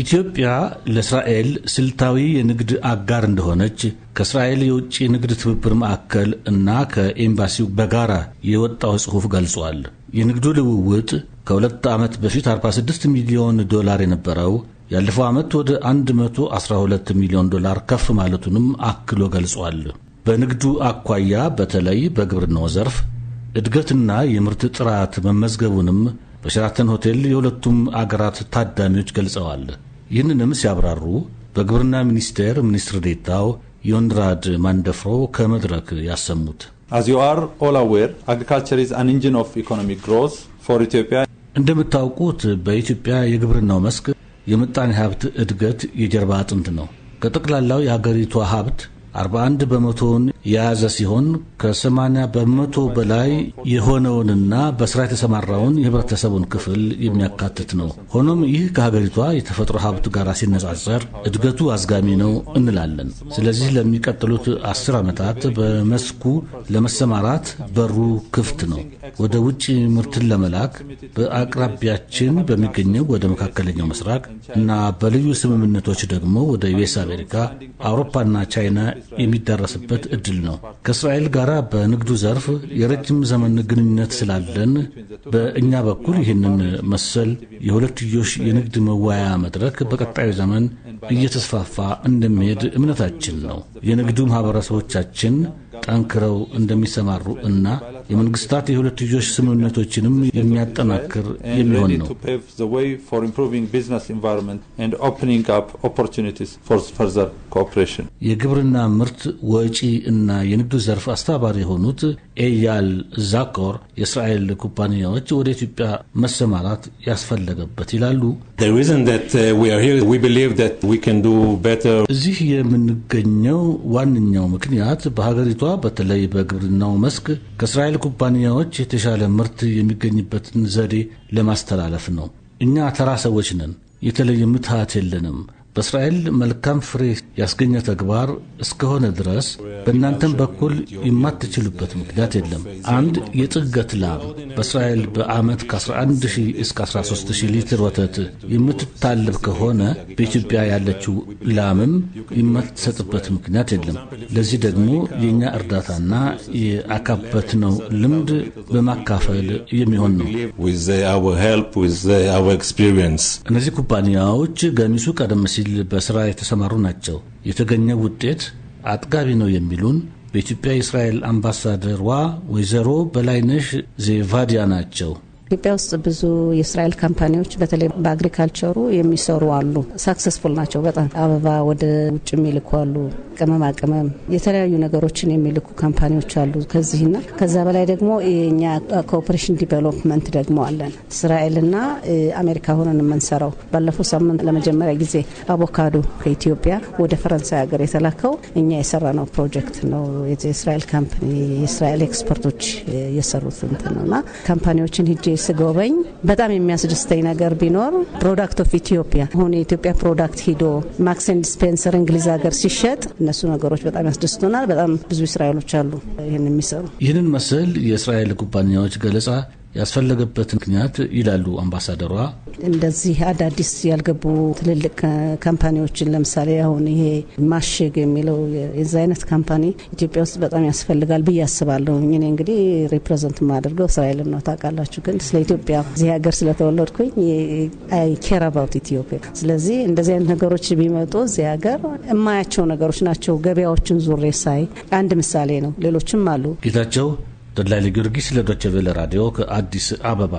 ኢትዮጵያ ለእስራኤል ስልታዊ የንግድ አጋር እንደሆነች ከእስራኤል የውጭ ንግድ ትብብር ማዕከል እና ከኤምባሲው በጋራ የወጣው ጽሑፍ ገልጿል። የንግዱ ልውውጥ ከሁለት ዓመት በፊት 46 ሚሊዮን ዶላር የነበረው ያለፈው ዓመት ወደ 112 ሚሊዮን ዶላር ከፍ ማለቱንም አክሎ ገልጿል። በንግዱ አኳያ በተለይ በግብርናው ዘርፍ እድገትና የምርት ጥራት መመዝገቡንም በሸራተን ሆቴል የሁለቱም አገራት ታዳሚዎች ገልጸዋል። ይህንንም ሲያብራሩ በግብርና ሚኒስቴር ሚኒስትር ዴታው ዮንድራድ ማንደፍሮ ከመድረክ ያሰሙት As you are of economic growth for እንደምታውቁት በኢትዮጵያ የግብርናው መስክ የምጣኔ ሀብት እድገት የጀርባ አጥንት ነው። ከጠቅላላው የሀገሪቷ ሀብት 41 በመቶውን የያዘ ሲሆን ከ80 በመቶ በላይ የሆነውንና በስራ የተሰማራውን የህብረተሰቡን ክፍል የሚያካትት ነው። ሆኖም ይህ ከሀገሪቷ የተፈጥሮ ሀብት ጋር ሲነጻጸር እድገቱ አዝጋሚ ነው እንላለን። ስለዚህ ለሚቀጥሉት አስር ዓመታት በመስኩ ለመሰማራት በሩ ክፍት ነው። ወደ ውጭ ምርትን ለመላክ በአቅራቢያችን በሚገኘው ወደ መካከለኛው ምስራቅ እና በልዩ ስምምነቶች ደግሞ ወደ ዩኤስ አሜሪካ፣ አውሮፓና ቻይና የሚዳረስበት እድል ነው። ከእስራኤል ጋር በንግዱ ዘርፍ የረጅም ዘመን ግንኙነት ስላለን በእኛ በኩል ይህንን መሰል የሁለትዮሽ የንግድ መወያያ መድረክ በቀጣዩ ዘመን እየተስፋፋ እንደሚሄድ እምነታችን ነው። የንግዱ ማህበረሰቦቻችን ጠንክረው እንደሚሰማሩ እና የመንግስታት የሁለትዮሽ ስምምነቶችንም የሚያጠናክር የሚሆን ነው። የግብርና ምርት ወጪ እና የንግዱ ዘርፍ አስተባባሪ የሆኑት ኤያል ዛኮር የእስራኤል ኩባንያዎች ወደ ኢትዮጵያ መሰማራት ያስፈለገበት ይላሉ። uh, እዚህ የምንገኘው ዋነኛው ምክንያት በሀገሪቷ በተለይ በግብርናው መስክ ከእስራኤል ኩባንያዎች የተሻለ ምርት የሚገኝበትን ዘዴ ለማስተላለፍ ነው። እኛ ተራ ሰዎች ነን። የተለየ ምትሃት የለንም። በእስራኤል መልካም ፍሬ ያስገኘ ተግባር እስከሆነ ድረስ በእናንተም በኩል የማትችሉበት ምክንያት የለም። አንድ የጥገት ላም በእስራኤል በዓመት ከ11 እስከ 13 ሊትር ወተት የምትታልብ ከሆነ በኢትዮጵያ ያለችው ላምም የማትሰጥበት ምክንያት የለም። ለዚህ ደግሞ የእኛ እርዳታና የአካበትነው ልምድ በማካፈል የሚሆን ነው። እነዚህ ኩባንያዎች ገሚሱ ቀደም ሲል ሲል በስራ የተሰማሩ ናቸው። የተገኘው ውጤት አጥጋቢ ነው የሚሉን በኢትዮጵያ የእስራኤል አምባሳደሯ ወይዘሮ በላይነሽ ዜቫዲያ ናቸው። ኢትዮጵያ ውስጥ ብዙ የእስራኤል ካምፓኒዎች በተለይ በአግሪካልቸሩ የሚሰሩ አሉ። ሳክሰስፉል ናቸው በጣም አበባ ወደ ውጭ የሚልኩ አሉ። ቅመማ ቅመም፣ የተለያዩ ነገሮችን የሚልኩ ካምፓኒዎች አሉ ከዚህና ከዛ በላይ ደግሞ የኛ ኮኦፕሬሽን ዲቨሎፕመንት ደግሞ አለን። እስራኤልና አሜሪካ ሆነን የምንሰራው ባለፈው ሳምንት ለመጀመሪያ ጊዜ አቮካዶ ከኢትዮጵያ ወደ ፈረንሳይ ሀገር የተላከው እኛ የሰራ ነው ፕሮጀክት ነው። የእስራኤል ካምፕኒ የእስራኤል ኤክስፐርቶች የሰሩት እንትን ነውና ካምፓኒዎችን ሂጄ ስጎበኝ በጣም የሚያስደስተኝ ነገር ቢኖር ፕሮዳክት ኦፍ ኢትዮጵያ አሁን የኢትዮጵያ ፕሮዳክት ሂዶ ማክስ ኤንድ ስፔንሰር እንግሊዝ ሀገር ሲሸጥ እነሱ ነገሮች በጣም ያስደስቶናል። በጣም ብዙ እስራኤሎች አሉ ይህን የሚሰሩ ይህንን መሰል የእስራኤል ኩባንያዎች ገለጻ ያስፈለገበት ምክንያት ይላሉ አምባሳደሯ። እንደዚህ አዳዲስ ያልገቡ ትልልቅ ካምፓኒዎችን ለምሳሌ አሁን ይሄ ማሸግ የሚለው የዚ አይነት ካምፓኒ ኢትዮጵያ ውስጥ በጣም ያስፈልጋል ብዬ አስባለሁ። እኔ እንግዲህ ሪፕሬዘንት የማደርገው እስራኤልን ነው ታውቃላችሁ። ግን ስለ ኢትዮጵያ እዚህ ሀገር ስለተወለድኩኝ አይ ኬር አባውት ኢትዮጵያ። ስለዚህ እንደዚህ አይነት ነገሮች ቢመጡ እዚህ ሀገር የማያቸው ነገሮች ናቸው። ገበያዎችን ዙሬ ሳይ አንድ ምሳሌ ነው። ሌሎችም አሉ ጌታቸው ተድላይ ለጊዮርጊስ ለዶቸቬለ ራዲዮ ከአዲስ አበባ